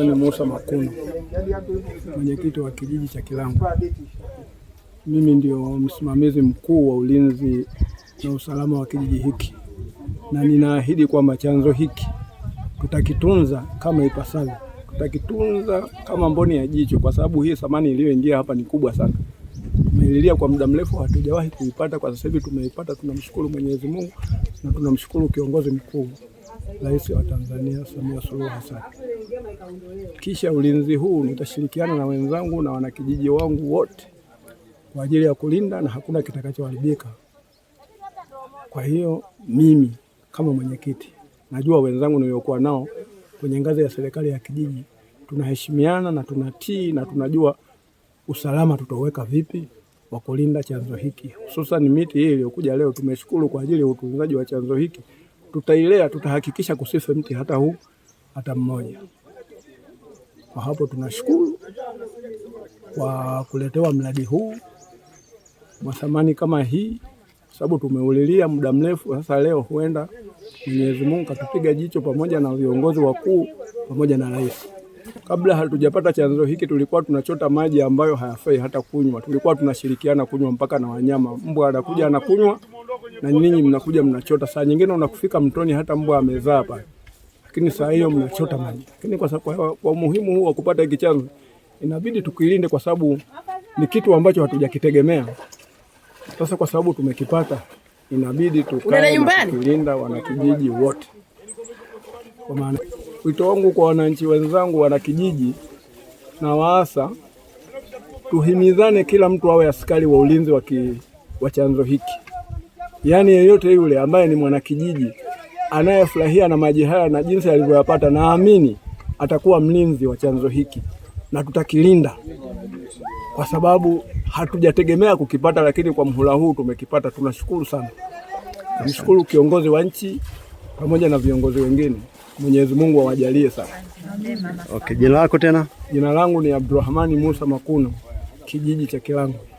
Mimi Musa Makuno, mwenyekiti wa kijiji cha Kilangu. Mimi ndio msimamizi mkuu wa ulinzi na usalama wa kijiji hiki, na ninaahidi kwamba chanzo hiki tutakitunza kama ipasavyo, tutakitunza kama mboni ya jicho, kwa sababu hii thamani iliyoingia hapa ni kubwa sana. Tumelilia kwa muda mrefu, hatujawahi kuipata. Kwa sasa hivi tumeipata, tunamshukuru Mwenyezi Mungu na tunamshukuru kiongozi mkuu. Rais wa Tanzania Samia Suluhu Hassan. Kisha ulinzi huu nitashirikiana na wenzangu na wanakijiji wangu wote kwa ajili ya kulinda na hakuna kitakachoharibika. Kwa hiyo mimi kama mwenyekiti, najua wenzangu niliokuwa nao kwenye ngazi ya serikali ya kijiji tunaheshimiana na tunatii na tunajua usalama tutauweka vipi wa kulinda chanzo hiki, hususan miti hii iliyokuja leo. Tumeshukuru kwa ajili ya utunzaji wa chanzo hiki tutailea, tutahakikisha kusife mti hata huu hata mmoja. Kwa hapo tunashukuru kwa kuletewa mradi huu wa thamani kama hii, kwa sababu tumeulilia muda mrefu. Sasa leo huenda Mwenyezi Mungu katupiga jicho pamoja na viongozi wakuu pamoja na rais. Kabla hatujapata chanzo hiki, tulikuwa tunachota maji ambayo hayafai hata kunywa. Tulikuwa tunashirikiana kunywa mpaka na wanyama. Mbwa anakuja anakunywa, na ninyi mnakuja mnachota. Saa nyingine unakufika mtoni, hata mbwa amezaa pale, lakini saa hiyo mnachota maji. Lakini kwa sababu kwa umuhimu huu wa kupata hiki chanzo, inabidi tukilinde, kwa sababu ni kitu ambacho hatujakitegemea. Sasa kwa sababu tumekipata, inabidi tukae na kulinda wanakijiji wote kwa maana Wito wangu kwa wananchi wenzangu, wana kijiji na waasa, tuhimizane, kila mtu awe askari wa ulinzi wa, wa chanzo hiki, yaani yeyote yule ambaye ni mwanakijiji anayefurahia na maji haya na jinsi alivyoyapata, naamini atakuwa mlinzi wa chanzo hiki na tutakilinda kwa sababu hatujategemea kukipata, lakini kwa mhula huu tumekipata. Tunashukuru sana, mshukuru kiongozi wa nchi pamoja na viongozi wengine. Mwenyezi Mungu awajalie sana. Okay, jina lako tena? Jina langu ni Abdurahmani Musa Makuno, kijiji cha Kilango.